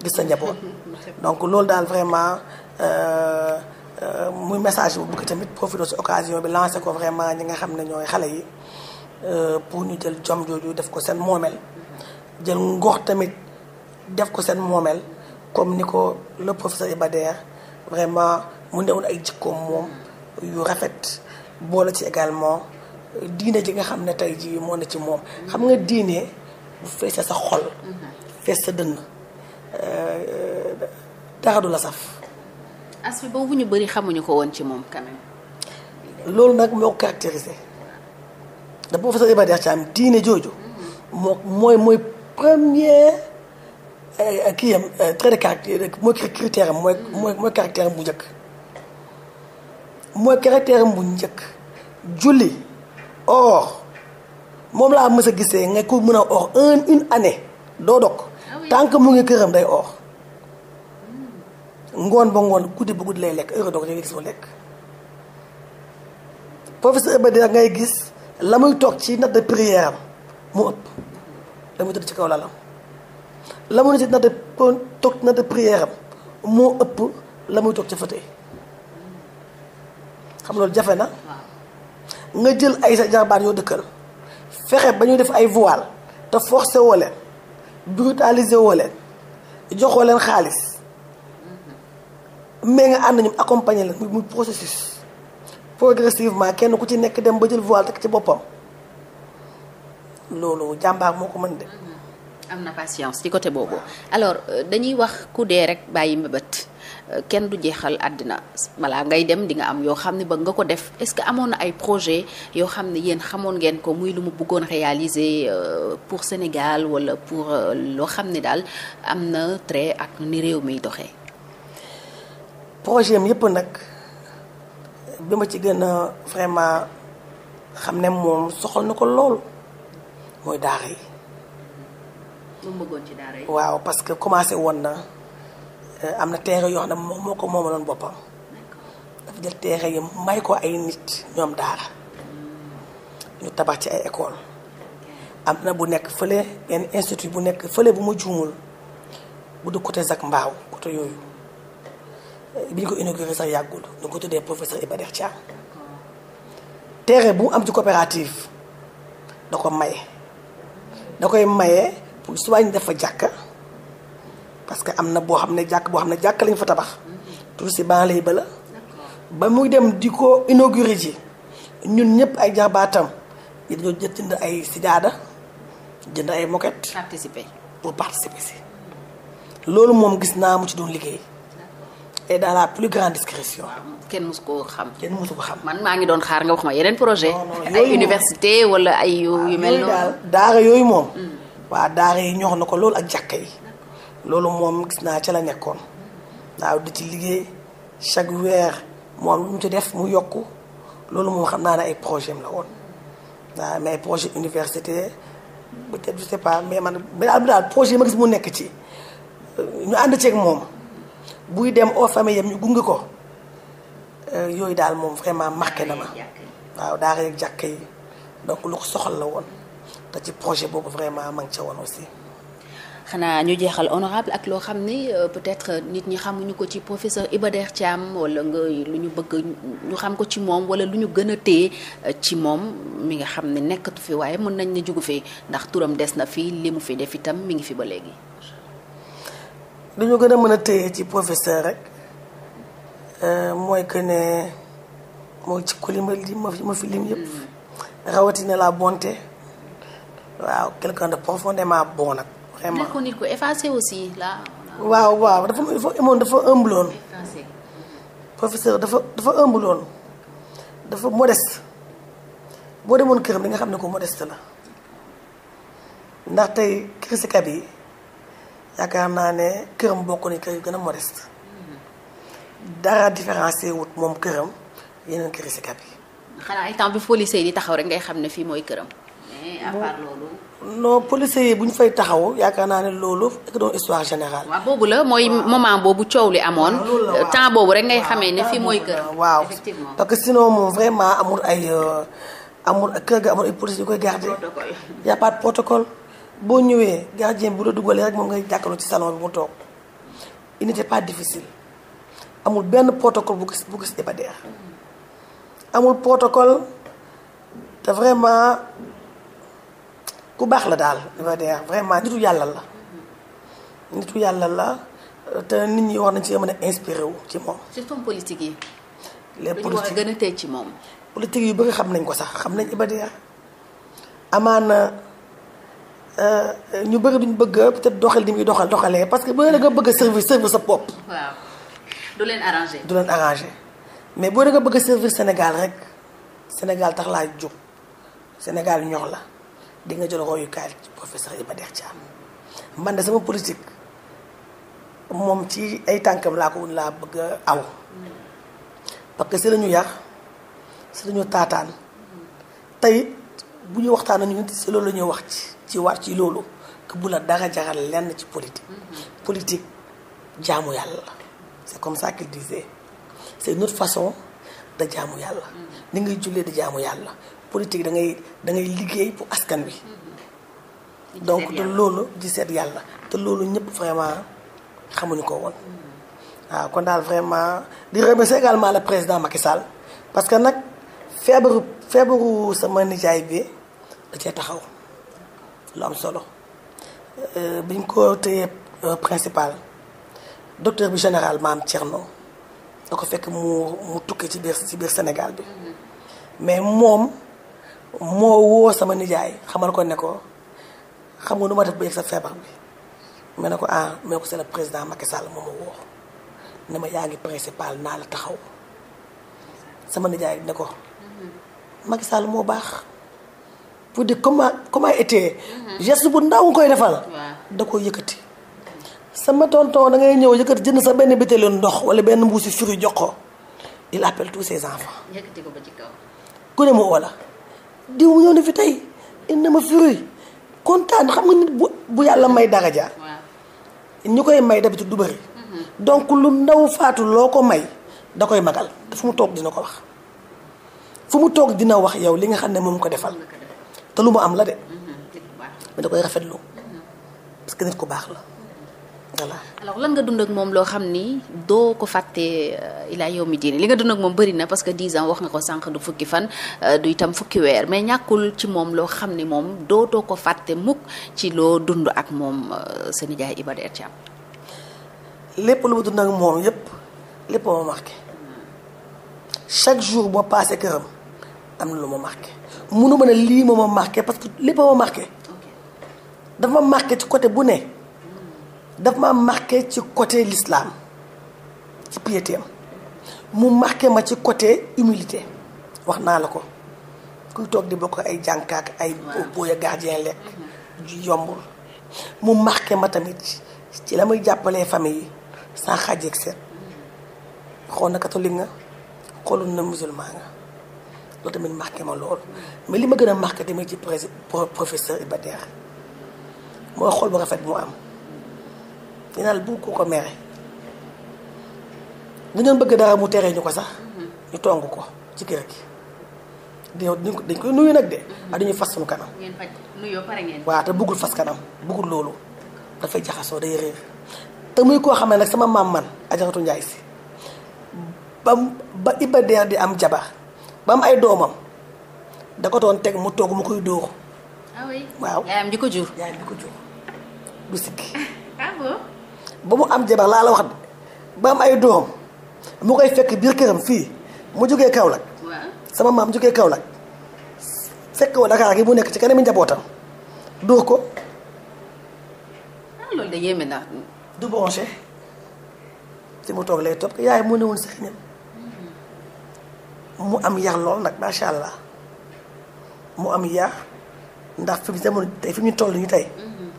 gis sa njaboot donc loolu daal vraiment euh, euh, muy message bu bëgg tamit profité si occasion bi lancé ko vraiment ñi nga xam ne ñooy xale yi euh, pour ñu jël jom jooju def ko seen moomeel. jël ngox tamit def ko seen moomeel comme ni ko le professeur Iba Der vraiment mu newoon ay jikkoom moom yu rafet. boole ci également diine ji nga xam ne tey jii moom ne ci moom. xam nga diine bu feesee sa xol. Mhm. fees sa dënn dara du la saf. aspect boobu ñu bari xamuñu ko woon ci moom quand loolu nag moo ko caractérisé da professeur Iba Der diine jooju. Mhm. moo mooy mooy premier euh, kii yam euh, trait de caractère mooy critère mhm. mooy mooy caractère bu njëkk. mooy caractère am bu njëkk julli or moom laa mës a gisee nga ko mën a or un une année doo dog ah tant que mu ngi këram day or ngoon ba ngoon guddi ba guddi lay lekk heure dog dangay gis mu lekk professeur ba da ngay gis la muy toog ci natt de prière mu ëpp la muy tëdd ci kaw lalam la muy ci natt toog ci de prière am moo ëpp la muy toog ci fauteuil xam loolu jafe na nga jël ay sa jarbaat yoo dëkkal fexe ba ñu def ay voile te forcé woo leen brutalisé woo leen joxoo leen xaalis mais nga ànd ñu accompagner leen muy processus progressivement kenn ku ci nekk dem ba jël voile teg ci boppam loolu jàmbaar moo ko mën de. na patience ci côté boobu alors euh, dañuy wax ku dee rek bàyyi mbëbët kenn du jeexal àddina balaa ngay dem di nga am yoo xam ne ba nga ko def est-ce que amoon na ay projet yoo xam ne yéen xamoon ngeen ko muy lu ma bëggoon réaliser euh, pour Sénégal wala pour euh, loo xam ne daal am na trait ak ni réew miy doxee. projet yëpp nag bi ma ci gën a vraiment xam ne moom soxal na ko lool mooy daara yi. waaw parce que woon na. Euh, am na terrain yoo xam ne moom moo ko moomaloon boppam dafa jël terrain yi may ko ay nit ñoom daara ñu tabax ci ay école am na bu nekk fële benn institut bu nekk fële bu ma juumul bu du côté Zac Mbaaw côté yooyu euh, bi ñu ko inauguré sax yàggul ñu ko tuddee professeur Iba Der Thiam terrain bu mu am ci coopérative da ko maye da koy maye pour suba ñu dafa jàkka parce que am na boo xam ne jàkk boo xam ne jàkk lañ fa tabax toujours si banlieue ba la ba muy dem di ko inauguré ji ñun ñëpp ay jabaatam ñi dañoo jënd ay sijaada jënd ay moquette participer pour participer si loolu moom gis naa mu ci doon liggéey te dans la plus grande discrétion kenn mosu ko xam kenn mosu xam man maa ngi doon xaar nga wax ma yeneen projet ay université wala ay yu mel noonu daara yooyu moom mm. waa daara yi ñox na ko loolu ak jàkka yi loolu moom gis naa ca la nekkoon waaw di ci liggéey chaque weer moom lu mu ci def mu yokk loolu moom xam naa ne ay projet am la woon waaw mais projet université peut-être je sais pas mais man daal projet ma gis mu nekk ci ñu ànd ceeg moom buy dem au famille yam ñu gunge ko euh, yooyu daal moom vraiment marqué na ma waaw daara yeeg jàkka yi donc lu ko soxal la woon te ci projet boobu vraiment ma ngi ca woon aussi xanaa ñu jeexal honorable ak loo xam ni euh, peut-être nit ñi xamuñu ko ci professeur Iba Der Thiam wala nga lu ñu bëgg ñu xam ko ci moom wala lu ñu gën a téye euh, ci moom mi nga xam ne nekkatu fi waaye mën nañ ne jugu fi ndax turam des na fi li mu fi def itam mu ngi fi ba léegi. lu ñu gën a mën a téye ci professeur rek euh, mooy que ne moo ci ko li ma li ma fi lim yëpp. Mm. rawatina la bonte waaw quelqu'un de profondément bon nag. vraiment nekkul nit ku effacé aussi là. waaw waaw dafa moom dafa ëmb loon. professeur dafa dafa ëmb dafa modeste boo demoon këram di nga xam ne ko modeste la ndax tey kirisikat yi yaakaar naa ne këram bokk ni kër yu gën a modeste dara différencié wut moom këram yeneen kirisikat yi. xanaa ay temps bi foo di taxaw rek ngay xam ne fii mooy këram. mais eh, à part loolu. bu ñu fay taxaw yaakaar naa ne loolu dafa doon histoire générale. waaw boobu la mooy moment boobu coow li amoon. Euh, temps boobu rek ngay xamee ne fii mooy gër waaw effectivement parce que sinon moom vraiment amul ay euh, amul kër ga amul ay policiers yu koy gardé. protocole boo ñëwee gardien bu la dugalee rek moom ngay jàkkaarloo ci salon bi mu toog il amul benn protocole bu gis bu gis Iba Der amul protocole te vraiment. ku baax la daal li ma vraiment nitu yàlla la nitu yàlla la te nit ñi war nañ ci mën a inspiré wu ci moom. surtout politique yi. les politiques war a gën tey ci moom. politique yu bëgg xam nañ ko sax xam nañ Iba Der amaana euh, ñu bëri duñ bëgg peut-être doxal ni muy doxal doxalee parce que boo la nga bëgg a servir sa bopp. du leen arrangé. du leen arrangé mais boo la nga bëgg a servir Sénégal rek Sénégal tax laa jóg Sénégal ñor la. di nga jël royukaay ci professeur Iba Der Thiam man de sama politique moom ci ay tànkam laa ko wun laa bëgg a aw parce que si la ñu yar si la taataan tey bu ñu waxtaan ñu si loolu la ñuy wax ci ci war ci loolu que la dara jaral lenn ci politique. politique jaamu yàlla c'est comme ça qu'il disait c'est une autre façon de jaamu yàlla. ni ngay jullee di jaamu yàlla. politique da ngay da liggéey pour askan bi donc te loolu di seet yàlla te loolu ñëpp vraiment xamuñu ko woon. waaw kon daal vraiment di remercier également la président Macky Sall parce que nag feebaru feebaru sama nijaay bi da cee taxaw lu am solo euh, biñ ko téye euh, principal docteur bi général maam Thierno da ko fekk mu mu tukkee ci biir ci biir Sénégal bi mm-hmm. mais moom. moo woo sama nijaay xamal ko ne ko xam nga nu ma def ba yegg sa feebar bi ma ne ko ah ma ne ko c'est le président Macky Sall moo ma woo ne ma yaa ngi principal naa la taxaw sama nijaay ne ko Macky Sall moo baax pour de comment comment était mhm. geste bu ndaw nga koy defal da koy yëkkati sama tonton da ngay ñëw yëkkati jënd sa benn bitéelu ndox wala benn mbuusi fruit jox ko il appelle tous ses enfants ku ne mu woo diw ñëw na fi tey indi ma fruit kontaan xam nga nit bu bu yàlla may daraja ñu koy may d'habitude du bëri mm-hmm. donc lu ndaw faatu loo ko may da koy magal te fu mu toog dina ko wax fu mu toog dina wax yow li nga xam ne moom ko defal te lu mu am la de mm-hmm. mais da koy rafetlu mm-hmm. parce que nit ku baax la dëgg la lan nga dund ak moom loo xam ni doo ko fàtte euh, ilaa yow mi diine li nga dund ak moom bëri na parce que 10 ans wax nga ko sànq du fukki fan euh, du itam fukki weer mais ñàkkul ci moom loo xam ni moom dootoo ko fàtte mukk ci loo dund ak moom euh, sa nijaay Iba Der Thiam. lépp lu ma dund ak chaque jour boo paasee këram am na lu ma marqué mënu ma ne lii moo ma marqué parce lépp ma marqué. dafa ma marqué ci côté bu ne. daf ma marqué ci côté lislaam ci piété mu marqué ma ci côté humilité wax naa la ko kuy toog di bokk ay jànkaak ay booy a gardien lekk yombul mu marqué ma tamit ci la muy jàppalee famille yi sans xaaj ak seet xool na catholique nga xoolu na musulman nga loolu tamit marqué ma loolu mais li ma gën a marqué tamit ci professeur Iba Der mooy xool bu rafet bu mu am dinal bu ko ko mere bu ngeen bëgg dara mu tere ñu ko sax ñu tong ko ci kër gi dañ koy nuyu nag de mm-hmm. ak ah, dañuy fas suñu kanam waaw te bëggul fas kanam buggul loolu dafay jaxasoo day réer te muy koo xam ne nag sama maam man ajaratu njaay si ba ba Iba Der di am jabar ba am ay doomam da ko doon teg mu toog mu koy dóor ah waaw ko ko jur du sikki ba mu am jabar laa la wax de ba am ay doom mu koy fekk biir këram fii mu jógee Kaolack. sama maam jógee Kaolack fekk ko Dakar gi mu nekk ci kanamu njabootam dóor ko. Ah, loolu de yéeme na. du branché ci mu toog lay topp yaay mu ne woon sax mu am yar lool nag macha allah mu am yar ndax fi mu jamono tey fi mu toll nii tey mhm.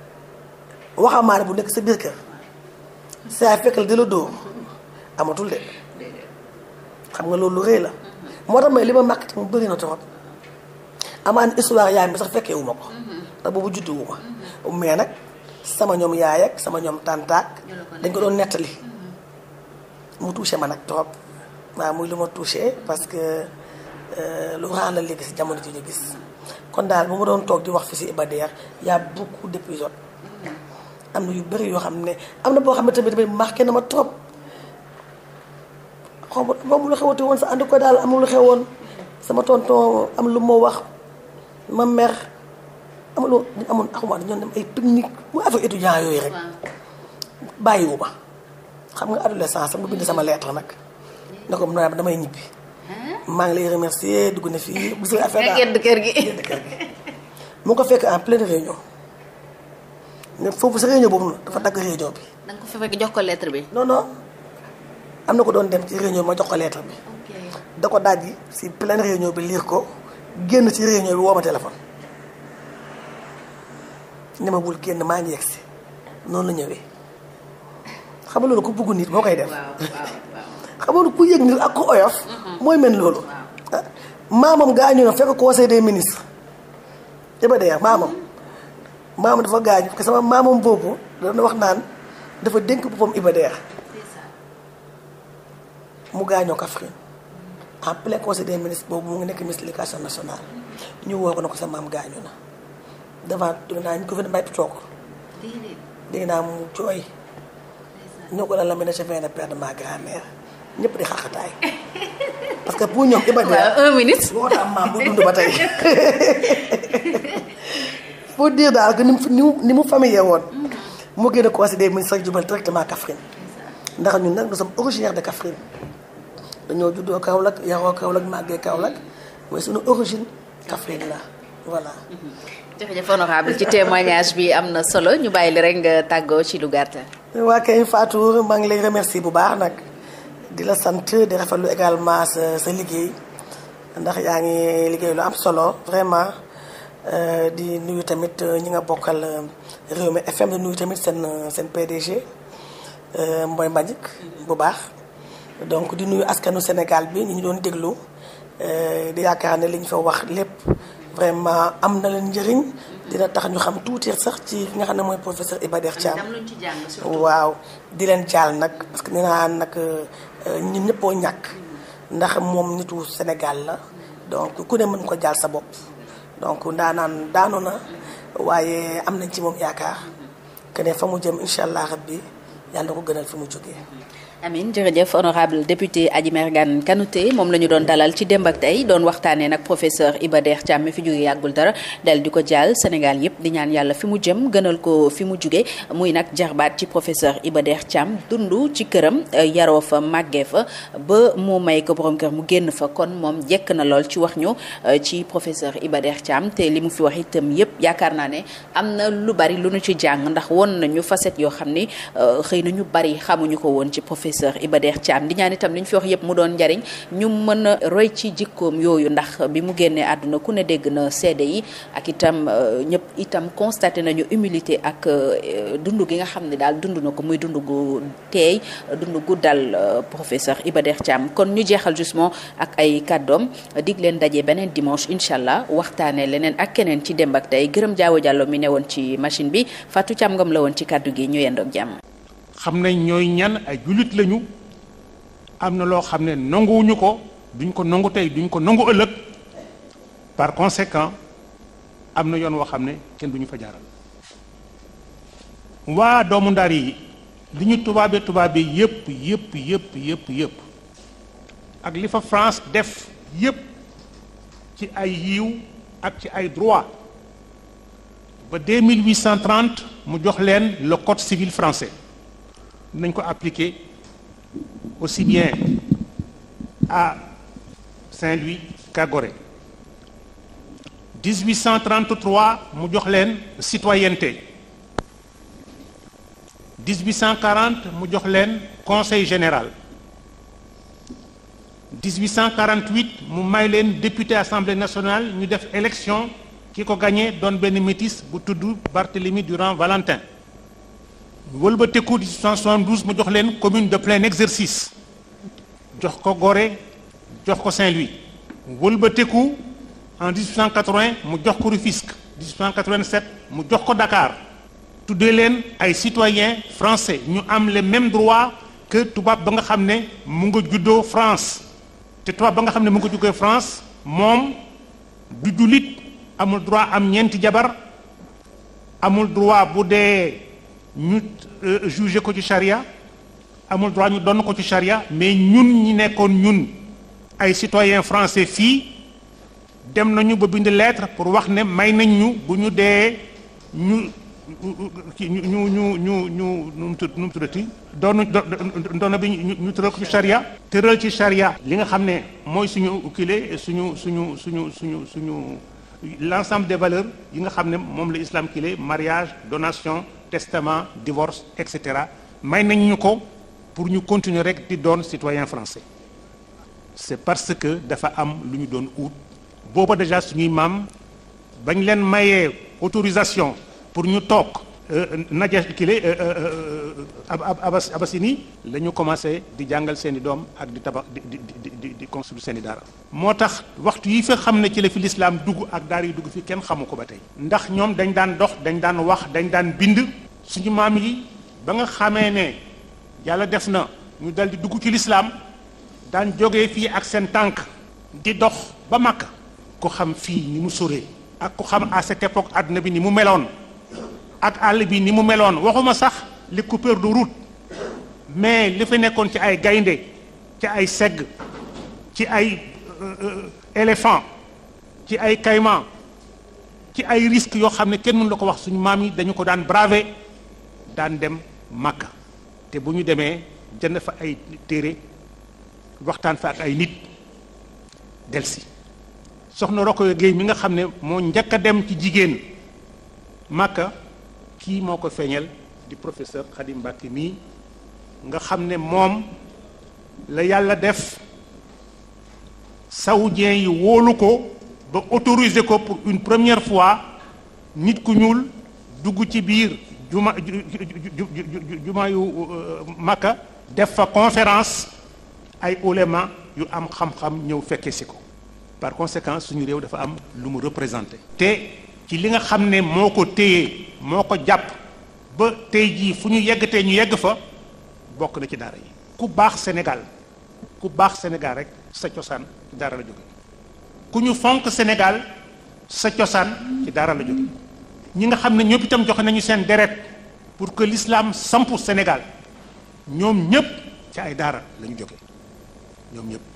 waxamaane bu nekk sa biir kër. saa fekkal di la dóor amatul de xam nga loolu lu rëy la moo tax may li ma marketing mu bëri na trop amaan histoire yaay bi sax fekkee ma ko ndax boobu juddu wu mais nag sama ñoom yaay ak sama ñoom tàntaak dañ ko doon nettali mu touché ma nag trop waaw muy lu ma touché parce que euh, lu raar la léegi si jamono ji ñu gis kon daal bu ma doon toog di wax fi si Iba Der y a am na yu bëri yoo xam ne am na boo xam ne tamit tamit marqué na ma trop xaw ma xaw ma lu xewati woon sa ànd ko daal amul lu xewoon sama tonton am lu ma wax ma mer amuloo dañ amoon axuma dañoon dem ay pique-nique mu yooyu rek bàyyiwu ma xam nga adolescence mu bind sama lettre nag ne ko naa damay ñibbi maa ngi lay remercier dugg na fii gis nga affaire daal kër gi mu ko fekk en pleine réunion ne foofu sa réunion boobu noonu dafa dagg réunion bi. da nga ko fekk jox ko lettre bi. non non am na ko doon dem ci réunion bi ma jox ko lettre bi. da ko daaj yi si pleine réunion bi liir ko génn si réunion bi woo ma téléphone. ni génn maa ngi yegsi noonu la ñëwee xam loolu ku bugg nit moo koy def. xam nga ku yëg nit ak ku oyof. Mm-hmm. mooy mel loolu. Ah, maamam gaañu na fekk conseil des ministres. yëpp a dee maamam. maama dafa gaañu parce que sama maamam boobu dana wax naan dafa dénk boppam Ibadeer mu gaañoo Kaffrine en plein conseil des ministres boobu mu ngi nekk ministre de l'éducation nationale ñu woo ko na ko sa maam gaañu na devant dégg naa ñu gouvernement yëpp toog ko la la mel je viens ma grand-mère ñëpp di xaxataay parce que pour ñoom Ibadeer waaw un pour dire daal que ni mu ni mu familier woon. moo gën a considéré mu sax jubal directement Kaffrine. ndax ñun nag nous sommes originaires de Kaffrine. dañoo kaw Kaolack yaroo Kaolack màggee Kaolack mooy suñu origine Kaffrine la voilà. jërëjëf ci témoignage bi am na solo ñu bàyyi la rek nga tàggoo ci lu gàtt. waa kay Fatou maa ngi lay remercier bu baax nag di la sant di rafetlu également sa sa liggéey ndax yaa ngi liggéey lu am solo vraiment. Euh, di nuyu tamit euh, ñi nga bokkal euh, mi FM di nuyu tamit seen seen PDG Mboye Mbagnick bu baax donc di nuyu askanu Sénégal bi ñi ñu doon déglu di yaakaar ne li ñu fa wax lépp vraiment am na leen njëriñ dina tax ñu xam tuuti sax ci nga xam ne mooy professeur Iba Der Thiam waaw di leen jaal nag parce que nee naa nag ñun ñëppoo ñàkk ndax moom nitu Sénégal la donc ku ne mën ko jaal sa bopp donc ndaanaan daanu na waaye am nañ ci moom yaakaar que ne fa mu jëm incha allah bi yàlla na ko gënal fi mu jógee. amin jërëjëf honorable député Adji Mergane Kanouté moom la ñu doon dalal ci démb ak tey doon waxtaanee nag professeur Iba Der Thiam mi fi jóge yàggul dara dal di ko jaal Sénégal yëpp di ñaan yàlla fi mu jëm gënal ko fi mu jóge muy nag jarbaat ci professeur Iba Der Thiam dund ci këram euh, yaroo fa màggee fa ba mu may ko boroom kër mu génn fa kon moom jekk na lool ci wax ñu euh, ci professeur Iba Der Thiam te li mu fi wax itam yëpp yaakaar naa ne am na lu bari ci jàng ndax woon yoo xam euh, professeur Iba Der Thiam di ñaan itam li ñu fi wax yëpp mu doon njariñ ñu mën a roy ci jikkoom yooyu ndax bi mu génnee àdduna ku ne dégg na seede yi ak itam euh, ñëpp itam constaté nañu humilité ak euh, dund gi nga xam ne daal dund na ko muy dund gu teey dundu gu dal euh, professeur Iba Der Thiam kon ñu jeexal justement ak ay kàddoom dig leen daje beneen dimanche incha allah waxtaanee leneen ak keneen ci demb ak tey gërëm jaawo jàlloo mi ne woon ci machine bi Fatou Thiam Ngom la woon ci kàddu gi ñu yendoog jàmm xam nañ ñooy ñan ay jullit lañu am na loo xam ne nanguwuñu ko duñ ko nangu tey duñ ko nangu ëllëg par conséquent am na yoon woo xam ne kenn duñu fa jaaral waa doomu ndar yi li ñu tubaabe tubaabe yépp yépp yépp yépp yépp ak li fa France def yépp ci ay yiw ak ci ay droit ba 1830 mu jox leen le code civil français nañ ko appliquer aussi bien à Saint-Louis qu'à Gorée 1833 mu jox leen citoyenneté 1840 mu jox leen conseil général 1848 mu may leen député assemblée nationale ñu def élection ki ko gagné doon benn métis bu tudd Barthélemy Durand Valentin wëlbateku 1872 mu jox leen commune de plein exercice jox ko gore jox ko Saint-Louis wëlbateku en 1880 mu jox ko Rufisque 1887 mu jox ko dakaar tuddee leen ay citoyens français ñu am les mêmes droits que tubaab ba nga xam ne mu nga juddoo France te tubaab ba nga xam ne mu nga juddoo France moom du jullit amul droit am ñeenti jabar amul droit bu dee. ñu euh, jugé ko ci charia amul droit ñu donn ko ci charia mais ñun ñi nekkoon ñun ay citoyen français fii dem nañu ba bind lettre pour wax ne may nañ ñu bu ñu dee ñu ñu ñu ñu ñu nu mu tuddati doon doon bi ñu tëral ko ci charia tëral ci charia li nga xam ne mooy suñu ukkile suñu suñu suñu suñu suñu l'ensemble des valeurs yi nga xam ne moom la islam kile mariage donation testament divorce et cetera may nañ ñu ko pour ñu continuer rek di doon citoyen français c'est parce que dafa am lu ñu doon ut booba déjà suñuy maam bañ leen mayee autorisation pour ñu toog euh, euh, naja kile euh, abas abasini la ñu commencé di jàngal seen i doom ak di tabax di di di di construire seen i daara moo tax waxtu yi fa xam ne ci la fi lislaam dugg ak daara yi dugg fi kenn xamu ko ba tey ndax ñoom dañ daan dox dañ daan wax dañ daan bind suñu maam yi ba nga xamee ne yàlla def na ñu dal di dugg ci lislaam daan jóge fii ak seen tànk di dox ba màkk ko xam fii ni mu sore ak ku xam à cette époque bi ni mu meloon ak àll bi ni mu meloon waxuma sax li coupure de route mais li fi nekkoon ci ay gaynde ci ay segg ci ay euh, euh, éléphant ci ay caïman ci ay risques yoo xam ne kenn mun la ko wax suñu maam yi dañu ko daan braver daan dem màkka te bu ñu demee jënd fa ay téere waxtaan fa ak ay nit delsi soxna Rokhaya Gueye mi nga xam ne moo njëkk a dem ci jigéen màkka kii moo ko feeñal di professeur Khadim Mbacke mii nga xam ne moom la yàlla def saoudien yi wóolu ko ba autoriser ko pour une première fois nit ku ñuul dugg ci biir juma juma yu euh, Makka def fa conférence ay ulema yu am xam-xam ñëw fekkee si ko par conséquent suñu réew dafa am lu mu représenté te ci li nga xam ne moo ko téye moo ko jàpp ba tey jii fu ñu yegg tey ñu yegg fa bokk na ci daara yi ku baax Sénégal ku baax Sénégal rek sa cosaan ci daara jóge ku ñu fonk Sénégal sa cosaan ci daara la jóge ñi nga xam ne ñëpp tam joxe nañu seen deret pour que lislaam sampu Sénégal ñoom ñëpp ci ay daara la ñu jóge ñoom ñëpp